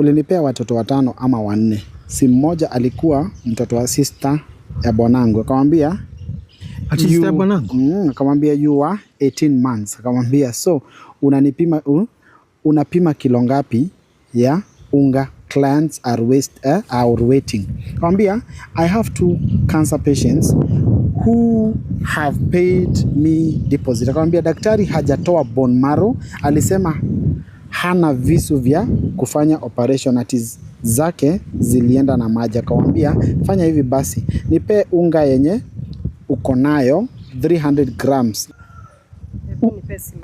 Ulinipea watoto watano ama wanne. Si mmoja alikuwa mtoto wa sister ya bwanangu, akamwambia ah, sister mm, akamwambia you are 18 months, akamwambia so unanipima uh, unapima kilo ngapi ya unga clients are waste, uh, are waiting. Akamwambia I have two cancer patients who have paid me deposit. Akamwambia daktari hajatoa bone marrow, alisema hana visu vya kufanya operation ati zake zilienda na maji. Akamwambia fanya hivi basi, nipe unga yenye uko nayo 300 grams.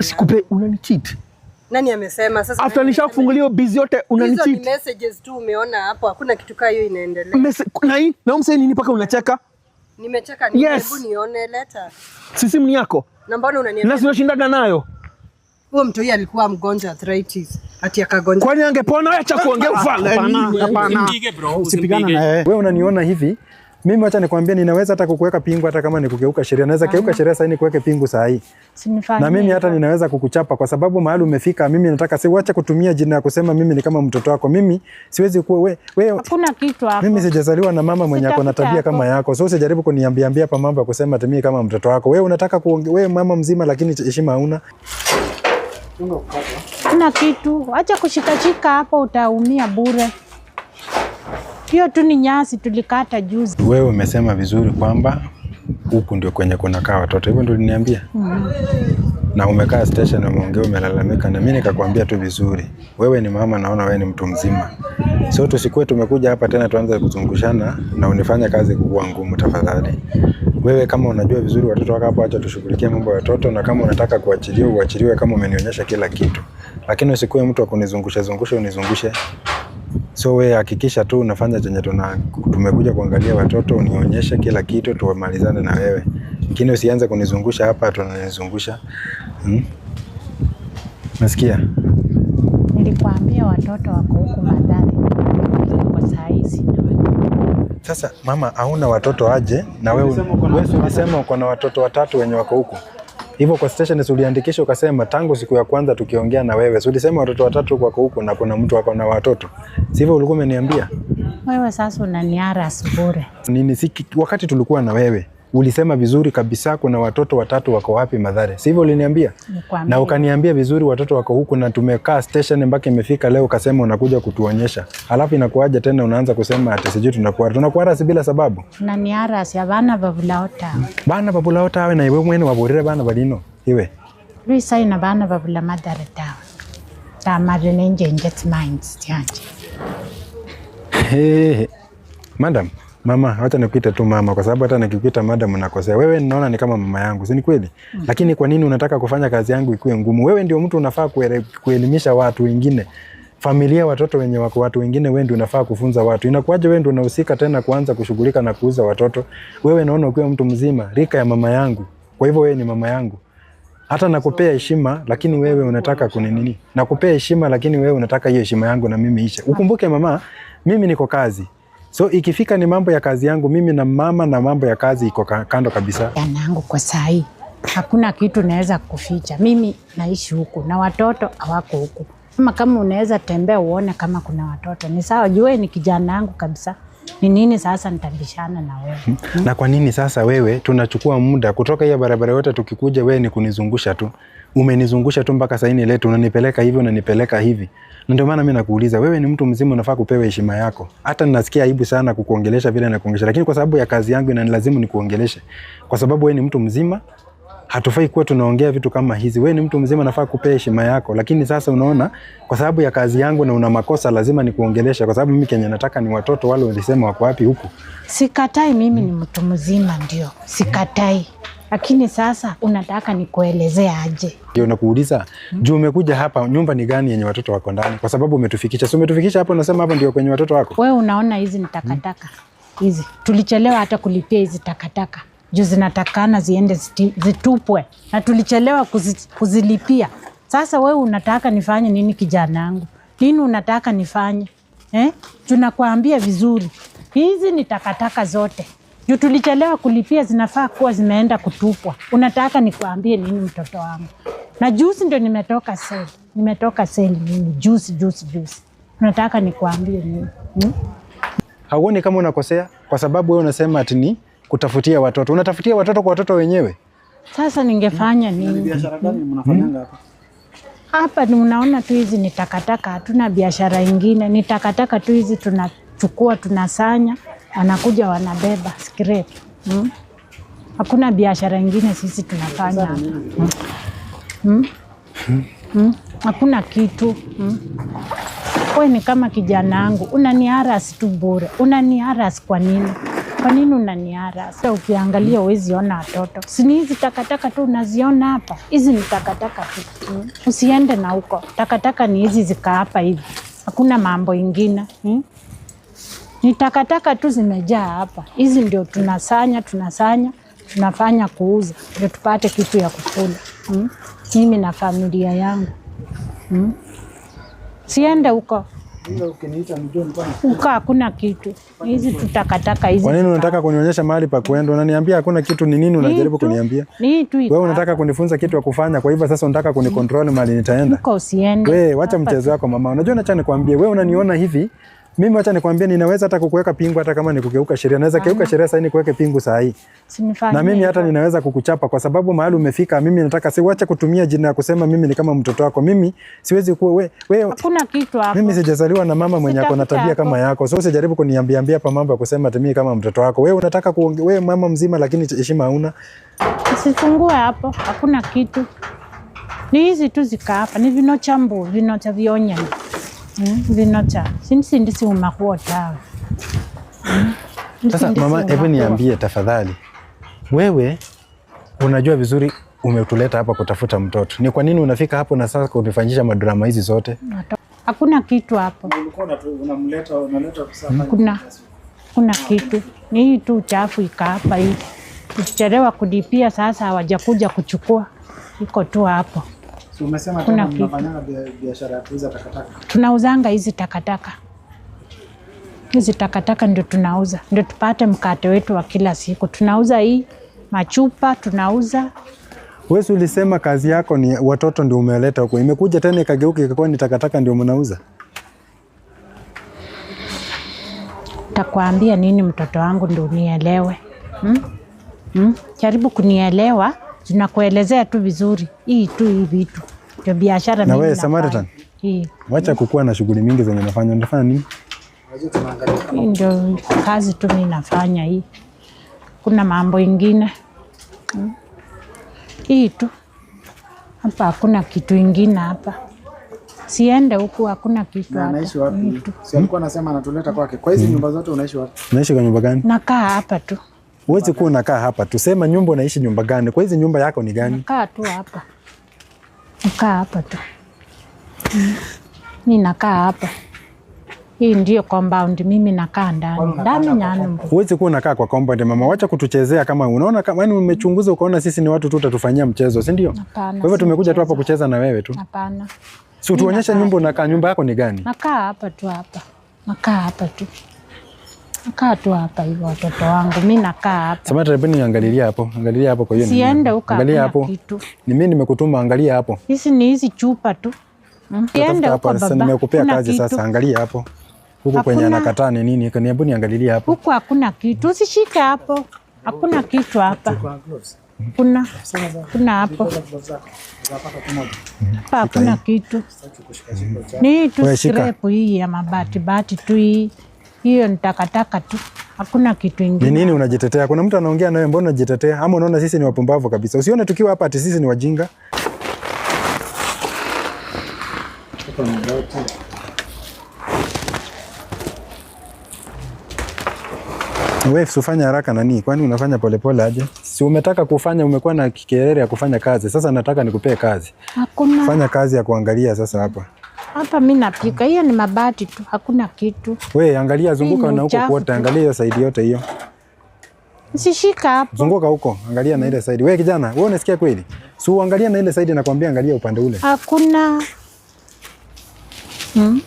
Sikupe, unanicheat. Nani amesema sasa? After nishafungulia hiyo bizi yote unanicheat. Hizo ni messages tu umeona hapo, hakuna kitu kama hiyo inaendelea. Na hii na umsee nini mpaka unacheka? Nimecheka, ni hebu nione letter. Si simu yako. Na mbona unaniambia? Na sio unashindaga nayo. Huo mtu yeye alikuwa mgonjwa arthritis. Ati akagonja. Kwani angepona? Acha kuongea ah, ufala. Ah, hapana, Usipigane na yeye. Wewe unaniona hivi? Mimi acha nikwambie, ninaweza hata kukuweka pingu hata kama nikugeuka sheria. Naweza kugeuka sheria sasa ni kuweke pingu sasa hii. Na mimi hata ninaweza kukuchapa kwa sababu mahali umefika. Mimi nataka si uache kutumia jina ya kusema mimi ni kama mtoto wako. Mimi siwezi kuwa we, we, Hakuna kitu hapo. Mimi sijazaliwa na mama mwenye ako na tabia kama yako. So usijaribu kuniambiambia ambia hapa mambo ya kusema mimi kama mtoto wako. Wewe unataka kuongea wewe mama mzima, lakini heshima hauna. Kuna kitu, acha kushikashika hapo, utaumia bure. Hiyo tu ni nyasi tulikata juzi. Wewe umesema vizuri kwamba huku ndio kwenye kunakaa watoto, hivyo ndio uliniambia. mm. Mm-hmm. na umekaa station, umeongea, umelalamika, na mimi nikakwambia tu vizuri. Wewe ni mama, naona wewe ni mtu mzima, so tusikuwe tumekuja hapa tena tuanze kuzungushana na unifanya kazi kuwa ngumu. Tafadhali wewe kama unajua vizuri watoto wako hapo, acha tushughulikie mambo ya watoto, na kama unataka kuachiliwa uachiliwe, kama umenionyesha kila kitu, lakini usikuwe mtu akunizungusha zungusha unizungushe. So wewe hakikisha tu unafanya chenye tuna tumekuja kuangalia watoto, unionyeshe kila kitu tumalizane na wewe, lakini usianze kunizungusha hapa, tunanizungusha hmm? Nasikia nilikwambia watoto wako huku madhari kwa saizi sasa mama, hauna watoto aje? Na wewe ulisema uko na watoto watatu wenye wako huko hivyo kwa station uliandikisha ukasema, tangu siku ya kwanza tukiongea na wewe, si ulisema watoto watatu wako huko na kuna mtu ako na watoto, hivyo Ulikuwa umeniambia wewe. Sasa unaniara asubure nini? Si wakati tulikuwa na wewe ulisema vizuri kabisa, kuna watoto watatu wako wapi madhare si hivyo? Uliniambia na ukaniambia vizuri watoto wako huku, na tumekaa station mpaka imefika leo, ukasema unakuja kutuonyesha. alafu inakuaje tena unaanza kusema ati sijui tunakuara si bila sababu na ni arasi abana babulaota bana babulaota awe na iwe mwene waburire bana balino iwe risa ina bana babula tawe Madam mama, wacha nikuita tu mama, kwa sababu hata nikikuita madam nakosea. Wewe ninaona ni kama mama yangu, si ni kweli? mm. -hmm. Lakini kwa nini unataka kufanya kazi yangu ikuwe ngumu? Wewe ndio mtu unafaa kuelimisha watu wengine, familia, watoto wenye wako watu wengine, wewe ndio unafaa kufunza watu. Inakuwaje wewe ndio unahusika tena kuanza kushughulika na kuuza watoto? Wewe naona ukiwa mtu mzima rika ya mama yangu, kwa hivyo wewe ni mama yangu hata nakupea heshima lakini wewe unataka kuninini? Nakupea heshima lakini wewe unataka hiyo heshima yangu na mimi ishe. Ukumbuke mama, mimi niko kazi So ikifika ni mambo ya kazi yangu mimi na mama na mambo ya kazi iko kando kabisa. Yanangu kwa sahi hakuna kitu naweza kuficha. Mimi naishi huku na watoto hawako huku, ama kama unaweza tembea uone kama kuna watoto ni sawa, jue ni kijana yangu kabisa ni nini sasa nitabishana na wewe hmm. Na kwa nini sasa wewe tunachukua muda kutoka hiyo barabara yote tukikuja, wewe ni kunizungusha tu, umenizungusha tu mpaka saini letu, unanipeleka hivi unanipeleka hivi. Na ndio maana mimi nakuuliza, wewe ni mtu mzima, unafaa kupewa heshima yako. Hata ninasikia aibu sana kukuongelesha vile nakuongelesha, lakini kwa sababu ya kazi yangu inanilazimu nikuongeleshe, kwa sababu wewe ni mtu mzima hatufai kuwa tunaongea vitu kama hizi. Wewe ni mtu mzima, nafaa kupea heshima yako, lakini sasa unaona, kwa sababu ya kazi yangu na una makosa, lazima nikuongelesha, kwa sababu mimi kenye nataka ni watoto wale walisema wako wapi huku. Sikatai mimi ni mtu mzima ndio, sikatai lakini sasa unataka nikuelezea aje? Ndio nakuuliza hmm. Juu umekuja hapa, nyumba ni gani yenye watoto wako ndani? Kwa sababu umetufikisha, si umetufikisha hapo, unasema hapo ndio kwenye watoto wako. Wewe unaona hizi ni takataka hizi, tulichelewa hata kulipia hizi takataka juu zinatakana ziende zitupwe na tulichelewa kuzi, kuzilipia. Sasa wewe unataka nifanye nini kijana yangu? Nini unataka nifanye eh? Tunakuambia vizuri, hizi ni takataka zote juu tulichelewa kulipia, zinafaa kuwa zimeenda kutupwa. Unataka nikuambie nini mtoto wangu? Na juzi ndio nimetoka seli, nimetoka seli mimi juzi juzi juzi. Unataka nikuambie nini hmm? Hauoni kama unakosea kwa sababu wewe unasema ati ni kutafutia watoto. Unatafutia watoto kwa watoto wenyewe? Sasa ningefanya nini? Yaani biashara gani mnafanyanga hapa? Hapa unaona tu hizi ni takataka, hatuna biashara ingine, ni takataka tu hizi tunachukua, tunasanya, wanakuja wanabeba scrap. Hmm? Hakuna biashara ingine sisi tunafanya hapa. Hmm? Hmm? Hmm? Hakuna kitu hmm? ni kama kijana wangu, unaniharas tu bure, unaniharas kwa nini? Kwa nini unaniara? Hata ukiangalia uwezi ona watoto, si ni hizi takataka tu unaziona hapa? Hizi ni takataka tu, hmm? usiende na huko. Takataka ni hizi zikaapa hapa hivi, hakuna mambo ingine hmm? Ni takataka tu zimejaa hapa, hizi ndio tunasanya tunasanya tunafanya kuuza ndio tupate kitu ya kukula hmm? mimi hmm? na familia yangu hmm? siende huko. Uka hakuna kitu hizi tutakataka hizi. Kwa nini unataka kunionyesha mahali pa kwenda? Unaniambia hakuna kitu, ni nini unajaribu kuniambia? Wewe unataka kunifunza kitu ya kufanya, kwa hivyo sasa unataka kunikontrol mahali nitaenda. wacha mchezo wako mama. Unajua nacha nikwambie, wewe unaniona hivi mimi acha nikwambie, ninaweza hata kukuweka pingu hata kama nikugeuka sheria. Naweza keuka sheria sasa, nikuweke pingu saa hii. Na mimi hata ninaweza kukuchapa kwa sababu mahali umefika. Mimi nataka si wacha kutumia jina ya kusema mimi ni kama mtoto wako. Mimi siwezi kuwa we, we, hakuna kitu hapo. Mimi sijazaliwa na mama mwenye ako na tabia kama yako. So usijaribu kuniambia ambia hapa mambo ya kusema mimi kama mtoto wako. Wewe unataka kuongea wewe mama mzima, lakini heshima huna. Usifungue hapo. Hakuna kitu. Ni hizi tu zika hapa. Ni vinocha mbu, vinocha vinota vionyani ndinocha sinisindisiuma tawe sasa mama, hebu niambie tafadhali, wewe unajua vizuri umetuleta hapa kutafuta mtoto, ni kwa nini unafika hapo na sasa kunifanyisha madrama hizi zote? Hakuna kitu hapo, kuna, kuna kitu ni hii tu uchafu hapa hii, ukichelewa kulipia sasa hawajakuja kuchukua, iko tu hapo. So, umesema tena mnafanyanga biashara ya kuuza takataka. Tunauzanga hizi takataka, hizi takataka ndio tunauza, ndio tupate mkate wetu wa kila siku. Tunauza hii machupa, tunauza wewe ulisema kazi yako ni watoto ndio umeleta huko, imekuja tena ikageuka ikakuwa ni takataka ndio mnauza. Takwambia nini mtoto wangu ndio unielewe, hmm? Hmm? Jaribu kunielewa zinakuelezea tu vizuri, hii tu hii vitu ndio biashara. Na wewe Samaritan, wacha kukuwa na shughuli mingi zenye nafanya, unafanya nini? Hii ndio kazi tu mimi nafanya hii, kuna mambo ingine hii tu hapa, hakuna kitu ingine hapa siende huku, hakuna kitu hapa. Anaishi wapi? Si alikuwa anasema anatuleta kwake. Kwa hizi hmm. nyumba zote unaishi wapi? Naishi kwa nyumba gani? Nakaa hapa tu. Uwezi kuwa unakaa hapa, tusema nyumba unaishi nyumba gani? Kwa hizi nyumba yako ni gani? Nakaa tu hapa, nakaa hapa tu mimi nakaa hapa. Hii ndio compound mimi nakaa ndani. Ndani nyani. Uwezi kuwa unakaa kwa compound mama, wacha kutuchezea kama unaona kama yani umechunguza ukaona sisi ni watu tu utatufanyia mchezo, si ndio? Kwa hivyo tumekuja tu hapa kucheza na wewe tu. Hapana. Si tuonyeshe nyumba unakaa, nyumba yako ni gani? Nakaa hapa tu hapa. Nakaa hapa tu kaa tu hapa hivyo, watoto wangu, mimi nakaa hapa. Samahani, hebu niangalilia hapo, angalilia hapo. Kwa hiyo siende huko, angalia hapo, ni mimi nimekutuma, angalia hapo. Hizi ni hizi chupa tu, mm, siende huko baba, nimekupea kazi sasa, angalia hapo huko kwenye anakataa ni nini? Hebu niangalilia hapo, huko hakuna kitu, usishike hapo, hakuna kitu hapa kuna kuna hapo hapa hakuna kitu, ni tu skrepu hii ya mabati bati tu hii hiyo ni takataka tu, hakuna kitu ingine. Ni nini unajitetea? Kuna mtu anaongea nawe, mbona unajitetea? Ama unaona sisi ni wapumbavu kabisa? Usione tukiwa hapa ati sisi ni wajinga. Wewe usifanye haraka nani? Kwani unafanya polepole aje? Si umetaka kufanya, umekuwa na kikerere ya kufanya kazi. Sasa nataka nikupee kazi. Hakuna. Fanya kazi ya kuangalia sasa hapa. Hapa mi napika, hiyo ni mabati tu, hakuna kitu. We angalia, zunguka na huko kuota, angalia hiyo saidi yote hiyo. Sishika hapo. Zunguka huko, angalia na ile saidi We kijana, wewe unasikia kweli? Si uangalia na ile side nakwambia, angalia upande ule. Hakuna. Hmm.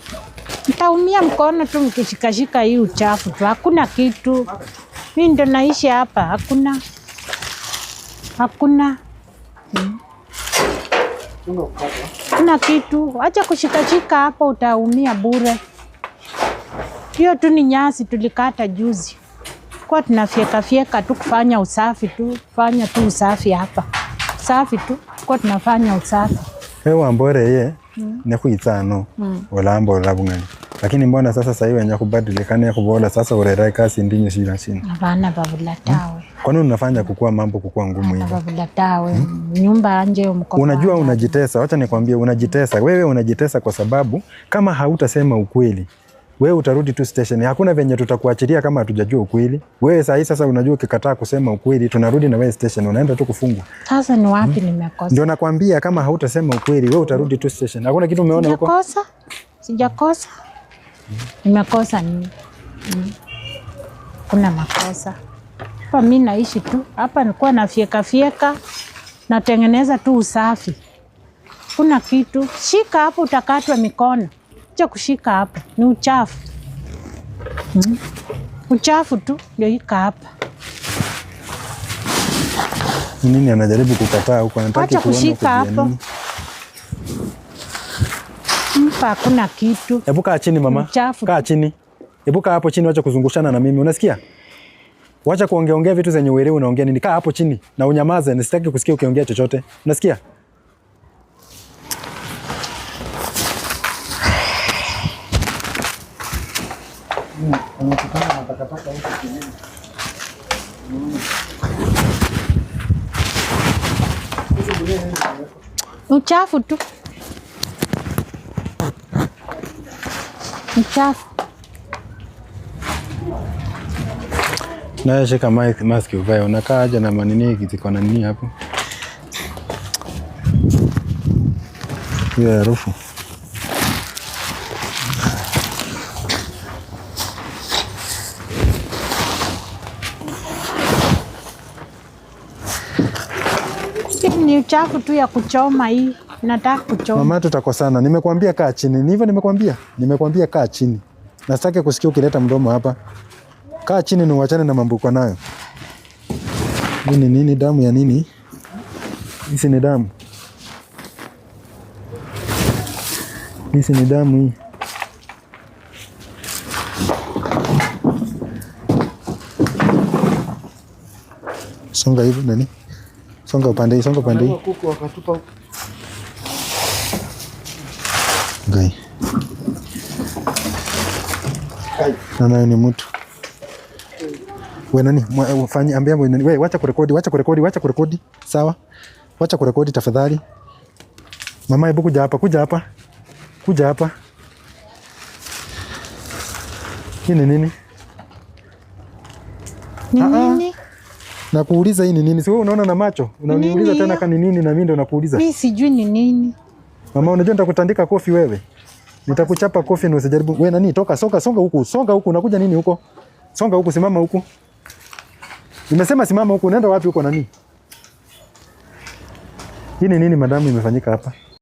mkono tu mkishikashika hii uchafu tu, hakuna kitu. mi ndo naishi hapa, hakuna. Hakuna. Hmm. Kuna kitu, acha kushikashika hapo, utaumia bure. Hiyo tu ni nyasi tulikata juzi, kwa tunafyekafyeka tu kufanya usafi tu, fanya tu usafi hapa, usafi tu kwa tunafanya usafi ewamboreye mm. nekhwitsano mm. olamba olola bung'ani lakini mbona sasa sahi wenya khubadilikana kubola sasa orera ikasi indinyu shina shina abana babula tawe kwa nini unafanya kukua mambo kukua ngumu hivyo? Hmm? Nyumba nje mkopo. Unajua unajitesa, wacha nikwambie unajitesa. Wewe unajitesa kwa sababu kama hautasema ukweli, wewe utarudi tu station. Hakuna venye tutakuachilia kama hatujajua ukweli. Wewe sasa hii sasa unajua ukikataa kusema ukweli, tunarudi na wewe station, unaenda tu kufungwa. Sasa ni wapi hmm? nimekosa? Ndio nakwambia kama hautasema ukweli, wewe utarudi tu station. Hakuna kitu umeona huko? Sijakosa. Sijakosa. Hmm. Nimekosa nini? Hmm. Kuna makosa hapa mi naishi tu hapa, nilikuwa nafyeka fyeka, natengeneza tu usafi. Kuna kitu shika hapo, utakatwa mikono. Cha kushika hapa ni uchafu hmm? Uchafu tu ndio ika hapa. Nini anajaribu kukataa huko, anataka kushika hapo mpa, hakuna kitu. Hebu kaa chini mama, kaa chini, hebu kaa hapo chini, wacha kuzungushana na mimi, unasikia? Wacha kuongea ongea vitu zenye uelewa unaongea nini? Kaa hapo chini na unyamaze, nisitaki kusikia ukiongea chochote. Unasikia? Uchafu tu. Uchafu. Na shika mask uvae, unakaa na manini ziko na nini hapo? Hiyo harufu. Ni uchafu tu ya kuchoma hii. Nataka kuchoma. Mama, tutakosana. Nimekwambia kaa chini. Ni hivyo nimekwambia. Nimekwambia kaa chini. Nasitaki kusikia ukileta mdomo hapa. Kaa chini ni uachane na mambo uko nayo. Nini nini damu ya nini? Hizi ni damu. Hizi ni damu hii. Songa hivi nani? Songa upande hii, songa upande hii. Gai. Nanayo ni mtu wewe nani eh, fanya ambia wewe nani wewe, wacha kurekodi, wacha kurekodi, wacha kurekodi, sawa, wacha kurekodi tafadhali. Mama, hebu kuja hapa, kuja hapa, kuja hapa. Hii ni nini? Ni ah, ah. nini? Nakuuliza hii ni nini? Si wewe unaona na macho? Unaniuliza tena kani nini na mimi ndo nakuuliza. Mimi sijui ni nini. Mama, unajua nitakutandika kofi wewe. Nitakuchapa kofi na usijaribu. Wewe nani? Toka, songa, songa huku. Songa huku. Unakuja nini huko? Songa huku, simama huku. Nimesema simama huko, unaenda wapi huko nani? Hii ni nini madamu imefanyika hapa?